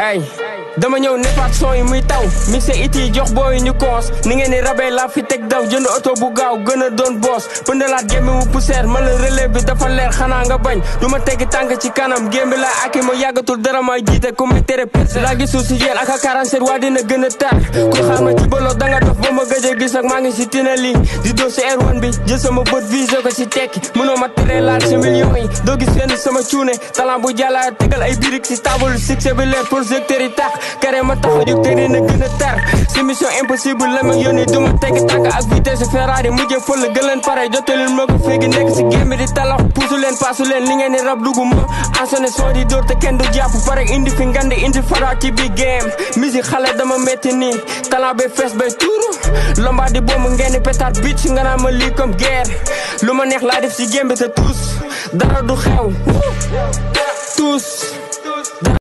ay dama ñëw neppaat son yi muy taw mixé it yi jox booy ñu koos ni ngeen di rabee laa fi teg daw jënd oto bu gaaw gën a doon boos pëndalaat gémmi mu poussière ma la relève bi dafa leer xanaa nga bañ du ma teggi tànk ci kanam gémmi la ak ma yàggatul dara may jiite ku may tere pes laa gisul si jeel ak a 47 waa dina gën a tar ku xaar ma ci danga dof ba ma gis nag maa ngi si tina di doo si R1 bi jël sama bët visé ko si tekki mënoo ma tere laal si yi doo gis seen sama cuune talent bu jàllaa tegal ay birig si table succès bi leer projecteur yi tax kare ma tax a jóg na gën tar si mission impossible la ma yónni du ma tegg ak vitesse Ferrari mujjee fël gën leen pare jotalin ma ko féegi nekk si di talax puusu leen paasu leen li ngeen di rab dugg asone soo di dóor te kenn du jàpp pare indi fi ngandi indi fara ci bi game musique xale dama metti nii talent bay fees bay tuuru lombaadi boobu ngeen di pétard bitch nga naa ma lii comme guerre lu ma neex laa def ci gémbe te tous dara du xew tous